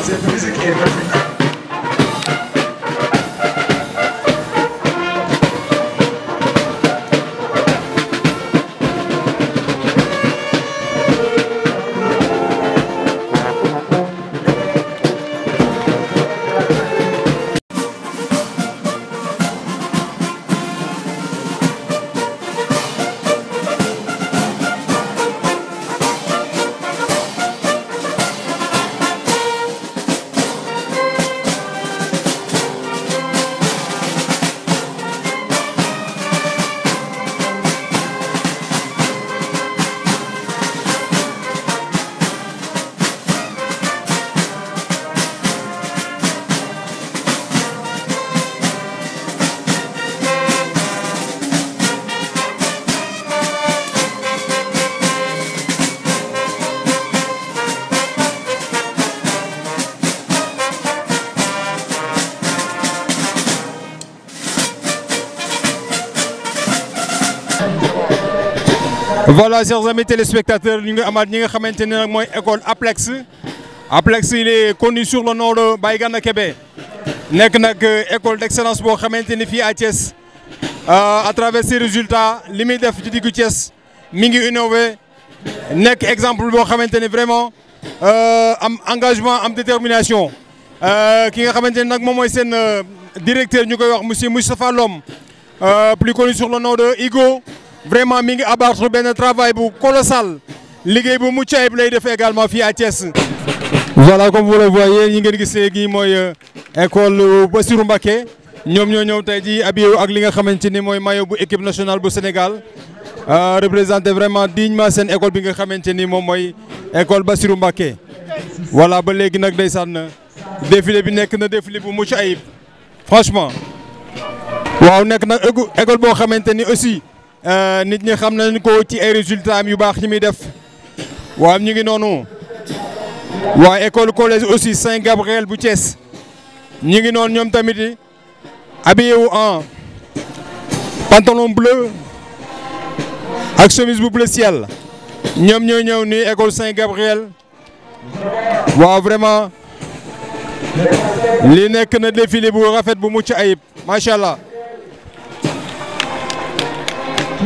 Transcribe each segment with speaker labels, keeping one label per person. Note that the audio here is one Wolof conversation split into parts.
Speaker 1: Is it music everything? voilà chers amis téléspectateurs nous avons maintenu ñi école Aplex Aplex il est connu sur le nom de baïgana Kébé avons une euh, école d'excellence pour maintenir les filles à Thiès euh, à travers ses résultats li de def ci Thiès mi ngi innové nekk exemple pour maintenir vraiment euh, engagement am détermination euh, ki nga un directeur M. monsieur Moustapha Lom plus connu sur le nom de Igo vraiment mi ngi abattre un travail colossal bu mucc ayib lay def également fi à Thiès. voilà comme vous le voyez ñi ngeen gisee gi moy euh, école basirou Mbacké ñom ñoo ñew tay ak li nga xamanteni équipe nationale bu Sénégal euh, représenter vraiment dignement école bi nga xamanteni mom école voilà ba légui nak défilé bi nek na défilé bu ayib franchement waaw nek na école de aussi. Euh, nit ñi xam nañ ko ci ay résultats am yu baax yi muy def waaw ñu ngi noonu waa école collège aussi Saint Gabriel bu Thiès ñu ngi noonu ñoom tamit habillé wu en pantalon bleu ak chemise bu bleu ciel ñoom ñoo ñëw ni école Saint Gabriel waaw vraiment li nekk na défilé bu rafet bu mucc ayib macha allah.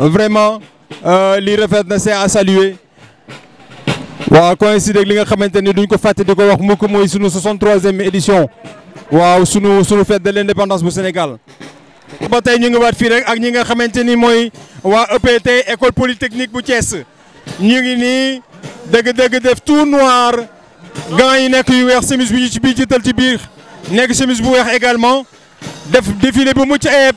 Speaker 1: Euh, vraiment euh, lii rafet na c'est à saluer wa coïncide ak li nga xamanteni duñ ko faté diko wax mukk moy sunu 63e édition waaw sunu sunu fête de l'indépendance bu Sénégal. ba tay ñu ngi wat fi rek ak ñi nga xamanteni moy wa waa EPT école polytechnique bu Thiès ñi ngi ni deug deug def tout noir gants yi nek yu weex chemise bi ñu ci biir ci bir nek chemise bu weex également def défilé bu mucc ayib.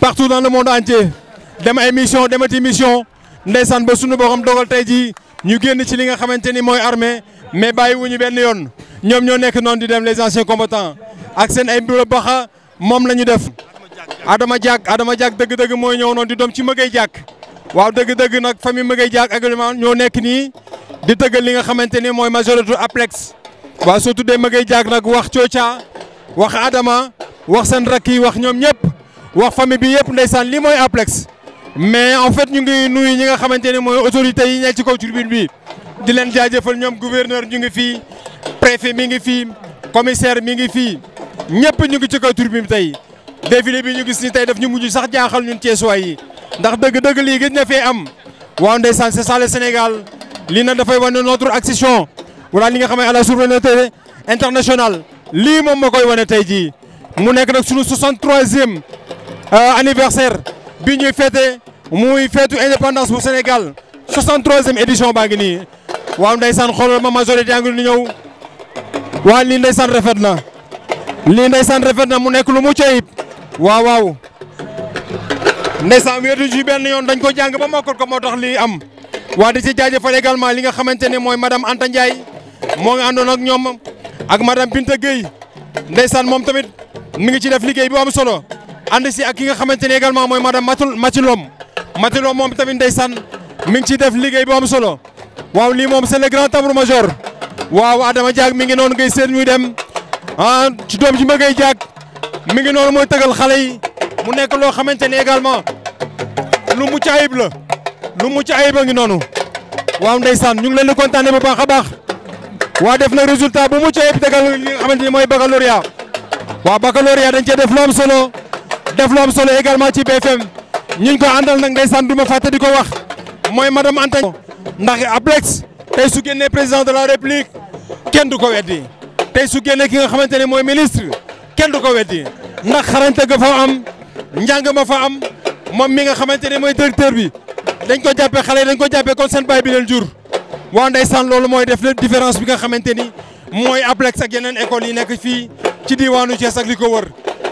Speaker 1: partout dans le monde entier nous ma mission dans mission ndeysaan ba sunu en dogal tey ñu avons ci li nous avons mais nous ñu Nous de les anciens combattants ak ay bureau baxa nous Adama Adama nous deug deug moy ñew non di dom ci famille nous également ñoo nekk ni di teugal li nga xamanteni moy majorité aplex waaw nous wax wax Adama wax wax wax famille bi yëpp ndeysaan li moy Aplex mais en fait ñu ngi nuyu ñi nga xamanteni moy autorité autorités yi nekk ci ko tribune bi di len jaajëfal ñom gouverneur ñu ngi fi préfet mi ngi fi commissaire mi ngi fi ñepp ñu ngi ci ko tribune bi tay défilé bi ñu gis ni tay daf ñu mujj sax jaaxal ñun ci Ceesuwaay yi ndax deug deug li gën na fee am wa ndeysaan c'est ça le Sénégal li na da fay wone notre accession wala li nga xamé à la souveraineté internationale li mom makoy wone tay ji mu nekk nak sunu 63e Euh, anniversaire bi ñuy fêté muy feetu indépendance bu Sénégal 63e édition baa ngi nii waaw ndeysaan xoolal ma majorité yaa ngi ñëw waaw lii ndeysaan rafet na lii ndeysaan rafet mu nekk lu mucc ayib waaw waaw ndeysaan wéetu ji benn yoon dañ ko jàng ba mokkal ko moo tax li am waa di ci jaajëfal également li nga xamante ne mooy madame Anta Ndiaye moo ngi àndoon ak ñoom ak madame Binta Gueye ndeysaan moom tamit mu ngi ci def liggéey bu am solo ànd si ak ki nga xamante ni également mooy madame Matul Matilom Matilom moom tamit ndeysaan mi ngi ciy def liggéey bu am solo waaw lii moom c'est le grand tambour-major waaw Adama Diak mi ngi noonu ngay seet muy dem ah ci doom ji ma ngay Diak mi ngi noonu mooy tëgal xale yi mu nekk loo xamante ni également lu mucc ayib la lu mucc ayib a ngi noonu waaw ndeysaan ñu ngi leen di kontaanee bu baax a baax waa def na résultat bu mucc ayib dëggal li nga xamante ni mooy baccalauréat waaw baccalauréat dañ cee def lu am def lu am solo également ci BFM ñu ngi ko àndal nag ndeysaan du ma fàtte di ko wax mooy madame Anta ndax Ablex tey su génnee président de la république kenn du ko weddi tey su génnee ki nga xamante ne mooy ministre kenn du ko weddi ndax xarañte ga fa am njàng ma fa am moom mi nga xamante ne mooy directeur bi dañ ko jàppee xale dañ ko jàppee kon seen baay bi leen jur waa ndeysaan loolu mooy def la différence bi nga xamante ni mooy Ablex ak yeneen écoles yi nekk fii ci diwaanu Thiès ak li ko wër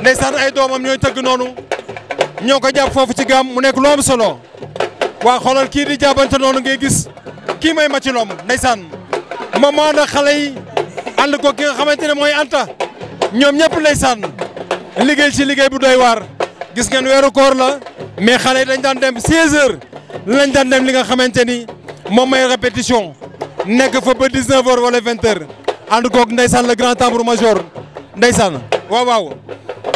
Speaker 1: ndeysaan ay doomam ñooy tëgg noonu ñoo ko jàpp foofu ci gaam mu nekk lu solo waa xoolal kii di jàppante noonu ngay gis kii may ma ci loom ndeysaan moom moo ànd xale yi ànd ko ki nga xamante ne mooy Anta ñoom ñëpp ndeysaan liggéey ci liggéey bu doy waar gis ngeen weeru koor la mais xale yi dañ daan dem 16 heures lañ daan dem li nga xamante ni moom may répétition nekk fa ba 19 heures wala 20 heures ànd koog ndeysaan le grand tambour major ndeysaan waaw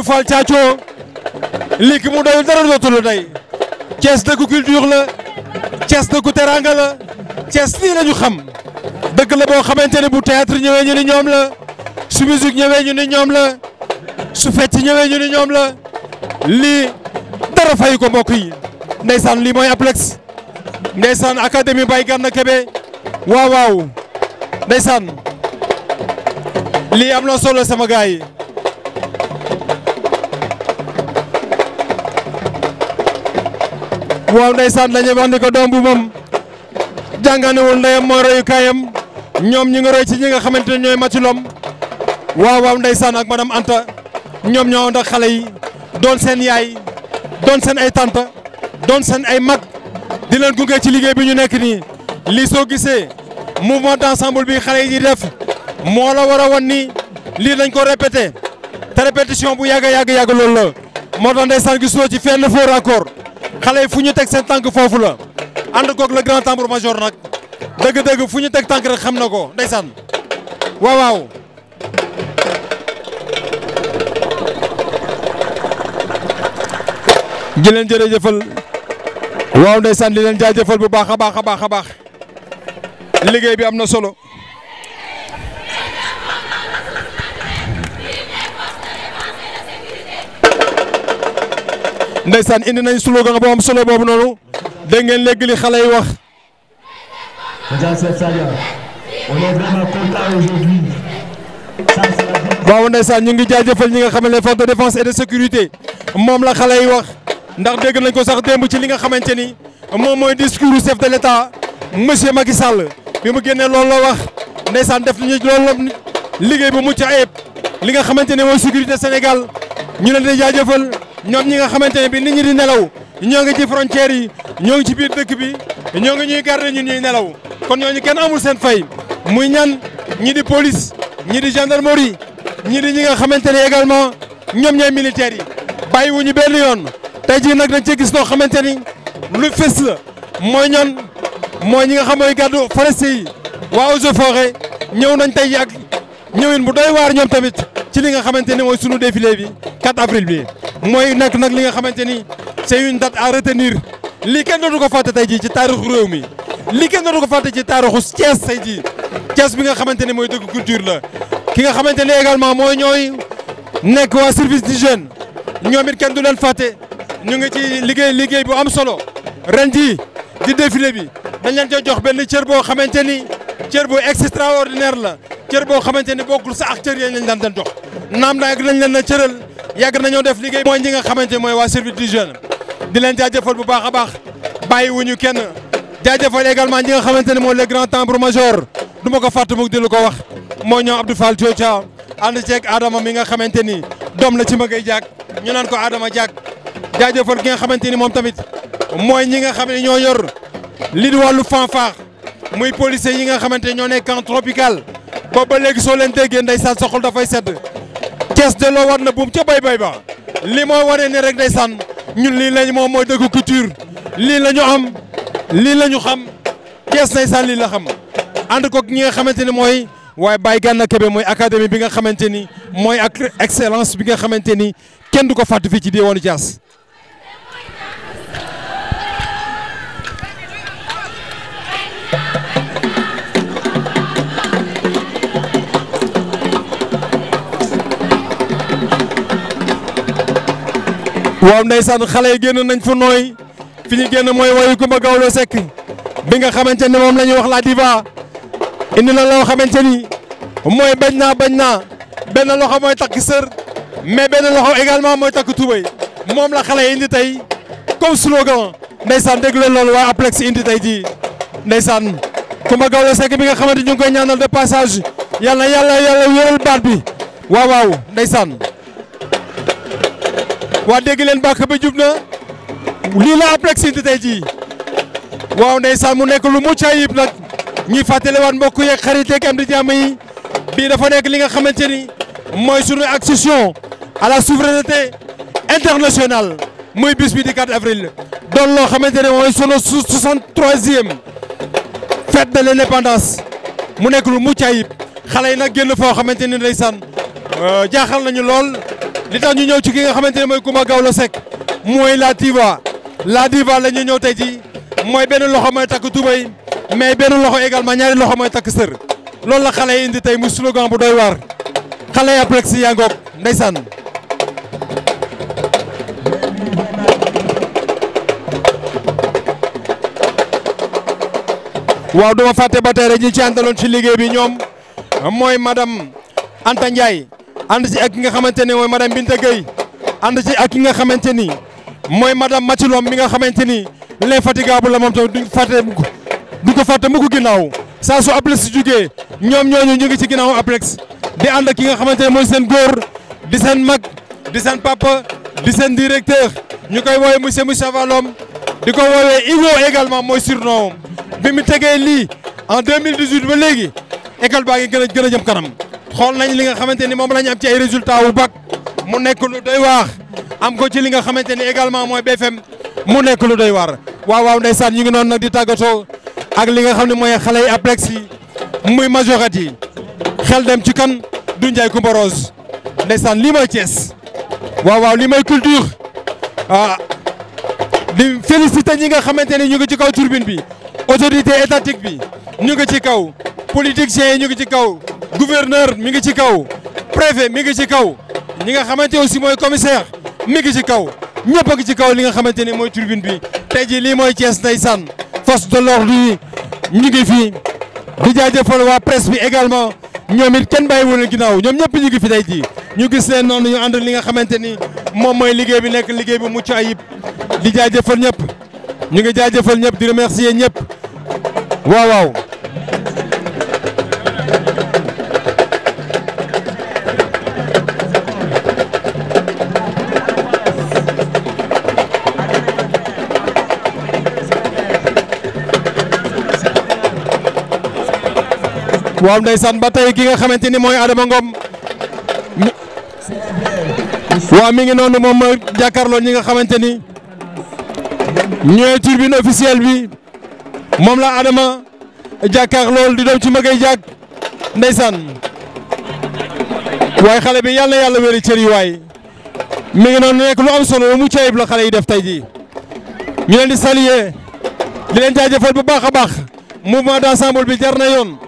Speaker 1: Modou Fall Thiathio lii ki mu doyul dara dootul day Thiès dëkku culture la Thiès dëkku teranga la Thiès li la xam deug la bo xamante bu théâtre ñëwee ñu ni ñom la su musique ñëwee ñu ni ñom la su fecc ñëwee ñu ni ñom la li dara fay ko mbokk yi ndaysan li moy aplex ndaysan academy Baye Gana Kébé waaw waaw ndaysan li am na solo sama gaay yi waaw ndaysan dañuy wax ni ko dombu mom jangane jànganewul ndeyam mo roy kayam ñom ñi nga roy ci ñi nga xamante ñoy ñooy waaw waaw ndaysan ak madam Anta ñom ñoo ndax xalé yi doon seen yaay doon seen ay tante doon seen ay mag di leen gungé ci liggéey bi ñu nekk ni li so gisé mouvement d'ensemble bi xalé yi def mo la wara won ni li lañ ko répéter ta répétition bu yaga yaga yaga lool la mo tax ndaysan gisoo ci fenn faux raccord xale yi fu ñu teg seen tànk foofu la ànd koog le grand tambour major nag dëgg-dëgg fu ñu teg tànk rek xam na ko ndeysaan waaw waaw. di leen jërëjëfal waaw ndeysaan di leen jaajëfal bu baax a baax a baax a baax liggéey bi am na solo. ndaysan indi nañ slogan nga am solo bobu nonu de ngeen legui li xale yi wax. waaw ndaysan ñu ngi jaajëfal ñi nga xam force de défense et de sécurité mom la xale yi wax ndax dégg nañ ko sax demb ci li nga xamanteni mom moy mooy discours chef de l'état monsieur Macky Sall bi mu génnee loolu la wax ndaysan def ñu loolu liggéey bu mucc ayib li nga xamanteni moy sécurité Sénégal ñu leen di jaajëfal. ñom ñi nga xamante bi nit ñi di nelaw ñoo ngi ci frontière yi ñoo ngi ci biir dëkk bi ñoo ngi ñuy garder ñun ñuy nelaw kon ñoo ñu kenn amul seen fay muy ñan ñi di police ñi di gendarmerie ñi di ñi nga xamante également ñom ñay militaire yi bàyyiwuñu benn yoon tay ji nag dañ ci gis loo xamanteni lu fës la mooy ñan mooy ñi nga xam mooy gàddu forestier yi waa eaux et forêt ñëw nañ tey ak ñëwin bu doy waar ñoom tamit ci li nga xamante ne mooy sunu défilé bi 4 avril bi mooy nekk nag li nga xamante ni c'est une date à retenir lii kenn dootu ko fàtte tey jii ci taarixu réew mi lii kenn dootu ko fàtte ci taarixu Thiès tey jii Thiès bi nga xamante ni mooy dëgg culture la ki nga xamante ni également mooy ñooy nekk waa service di jeune ñoom it kenn du leen fàtte ñu ngi ci liggéey liggéey bu am solo ren jii di défilé bi dañ leen cee jox benn cër boo xamante ni boo bu extraordinaire la cër boo xamante ni bokkul sa ak cër yéen lañ daan doon jox naam daag leen a yàgg nañoo def liggéey mooy ñi nga xamante mooy waa service du jeune di leen jaajëfal bu baax a baax bàyyi wuñu kenn jaajëfal également ñi nga xamante ne mooy le grand tambour major du ma ko fàtte mukk di lu ko wax moo ñoo Abdou Fall Thiotia ànd ceeg Adama mi nga xamante ni doom la ci magay jaag ñu naan ko Adama jaag jaajëfal ki nga xamante ni moom tamit mooy ñi nga xam ne ñoo yor li di wàllu fanfare muy policier yi nga xamante ñoo nekk camp tropical boobu léegi soo leen déggee ndeysaan sa xol dafay sedd Thiès delloo war na buum ca bay bay ba li mooy wane ne rek ndeysaan ñu lii lañ moom mooy dëgg culture lii la ñu am lii la ñu xam Thiès ndeysaan lii la xam ànd ko ñi nga xamante ni mooy waaye Baye Gana Kébé mooy académie bi nga xamante ni mooy ak excellence bi nga xamante ni kenn du ko fàtte fii ci diwaanu Thiès. waaw ndeysaan xale yi génn nañ fu nooy fi ñu génn mooy wayu Kumba Gawlo Seck bi nga xamante ni moom la ñuy wax la diva indi na loo xamante ni mooy bañ naa bañ naa benn loxo mooy takk sër mais benn loxo également mooy takk tubay moom la xale yi indi tey comme slogan ndeysaan dégg leen loolu waaye Aplex indi tey jii ndeysaan Kumba Gawlo Seck bi nga xamante ñu ngi koy ñaanal de passage yàlla yàlla yàlla wéral baat bi waaw waaw ndeysaan waa dégg leen bàkk bi jub na lii la Aplex indi tey jii waaw ndeysaan mu nekk lu mucc ayib nag ñuy fàttaliwaat mbokk yeeg xarit yeeg am di jàmm yi bii dafa nekk li nga xamante ni mooy sunu accession à la souveraineté internationale muy bis bi di 4 avril. doon loo xamante ni mooy sunu 63e fête de l' indépendance mu nekk lu mucc ayib xale yi nag génn foo xamante ni ndeysaan jaaxal nañu lool. li tax ñu ñëw ci ki nga xamante ne mooy Coumba Gawlo Seck mooy la diva la diva la ñu ñëw tey ji mooy benn loxo mooy takk tubay mais benn loxo également ñaari loxo mooy takk sër loolu la xale yi indi tey mu slogan bu doy waar xale yi après si ndeysaan waaw duma fàtte ba tey rek ñi ci àndaloon ci liggéey bi ñoom mooy madame Anta ànd ci ak ki nga xamante ni mooy madame Binta Gueye ànd ci ak ki nga xamante ni mooy madame Mathilom mi nga xamante ni l'infatigable la moom tamit duñ fàtte mukk du ko fàtte mukk ginnaaw saa su Aplex si jugee ñoom ñoo ñu ngi ci ginnaaw Aplex di ànd ak ki nga xamante ne mooy seen góor di seen mag di seen papa di seen directeur ñu koy woowee monsieur Moussa Valom di ko woowee Iwo également mooy surnom bi mu tegee lii en 2018 ba léegi école baa ngi gën a gën a jëm kanam. xool nañ li nga xamante ni moom la am ci ay résultats wu mu nekk lu doy waar am ko ci li nga xamante ni également mooy BFM mu nekk lu doy waar waaw waaw ndeysaan ñu ngi noon nag di tàggatoo ak li nga xam ne mooy xale yi aplex yi muy majorat xel dem ci kan du Ndiaye Coumba Rose ndeysaan li mooy Thiès waaw waaw li mooy culture ah di féliciter ñi nga xamante ni ñu ngi ci kaw turbine bi autorité étatique bi ñu ngi ci kaw politiciens yi ñu ngi ci kaw. gouverneur mi ngi ci kaw préfet mi ngi ci kaw ñi nga xamante aussi mooy commissaire mi ngi ci kaw ñëpp a ngi ci kaw li nga xamante ni mooy tribune bi tey jii lii mooy cees Thiès ndeysaan force de l'ordre yi ñu ngi fi di jaajëfal waa presse bi également ñoom it kenn bàyyi woon ginnaaw ñoom ñëpp ñu ngi fi tey jii ñu gis leen noonu ñu ànd li nga xamante ni moom mooy liggéey bi nekk liggéey bu mucc ayib di jaajëfal ñëpp ñu ngi jaajëfal ñëpp di remercier ñëpp waaw ndeysaan ba tey ki nga xamante ni mooy Adama Ngom waaw mi ngi noonu moom ma jàkkaarloo ñi nga xamante ni ñooy tribune officielle bi moom la Adama jàkkaarloo di daw ci magay jàkk ndeysaan waaye xale bi yàlla na yàlla wéri cër yi waay mi ngi noonu nekk lu am solo lu mu cayib la xale yi def tey jii ñu leen di saluer di leen jaajëfal bu baax a baax mouvement d'ensemble bi jar na yoon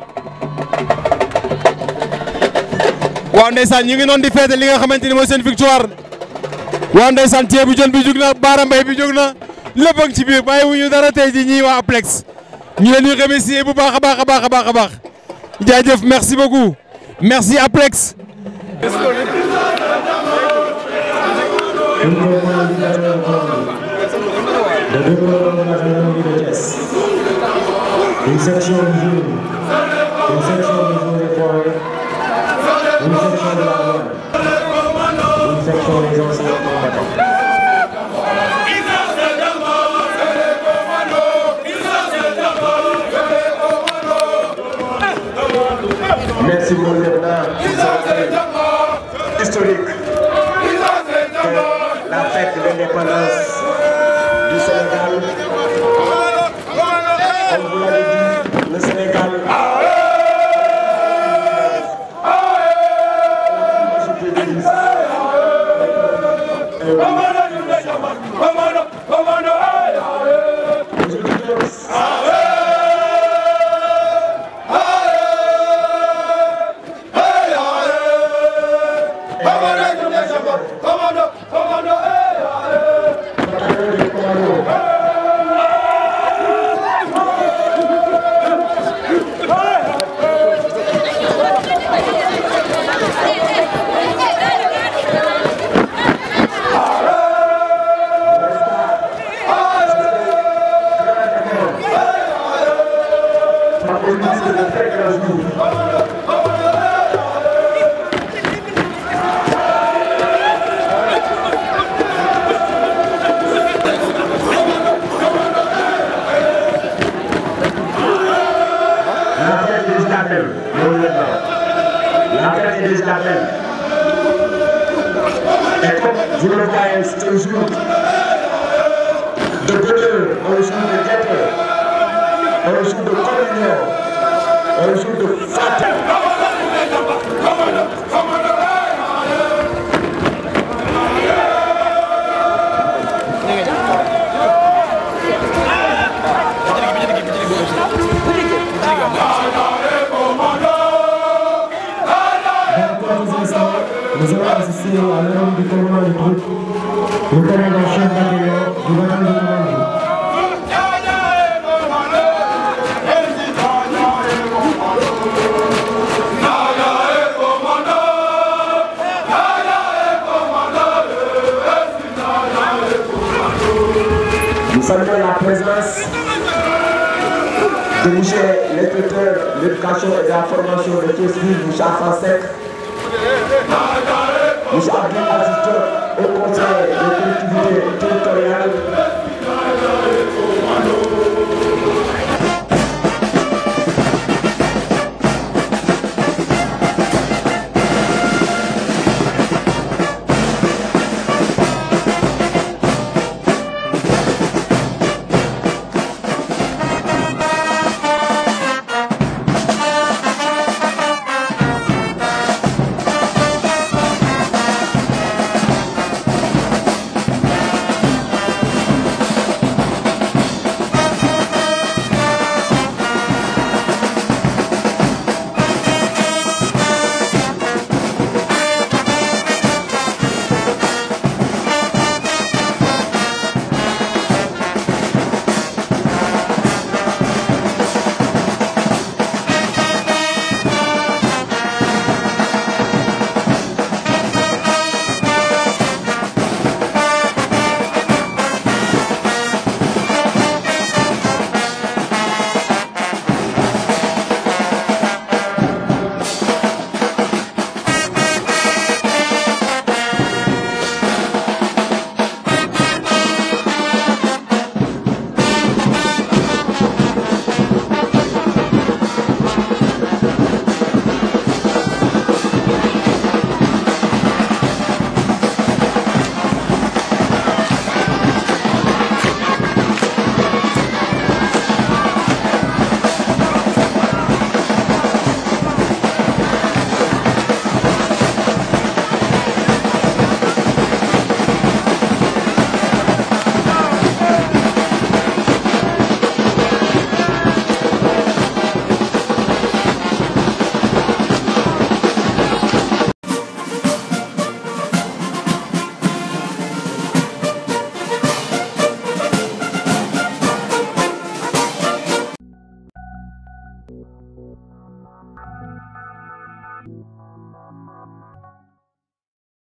Speaker 1: waaw ndeysaan ñu ngi noonu di feete li nga On ni senti victoire waaw ndeysaan ceeb bi bi jug na remercier bu merci beaucoup merci Aplex une section de la parole, une section des anciens combattants. Merci mon Bernard. Historique. Que la fête de l'indépendance du Sénégal. On vous l'avez dit, le Sénégal. le masque de fête un jour. Et comme vous le voyez, c'est un jour de bonheur, un jour de jour de communion, un come on, fête. está fazendo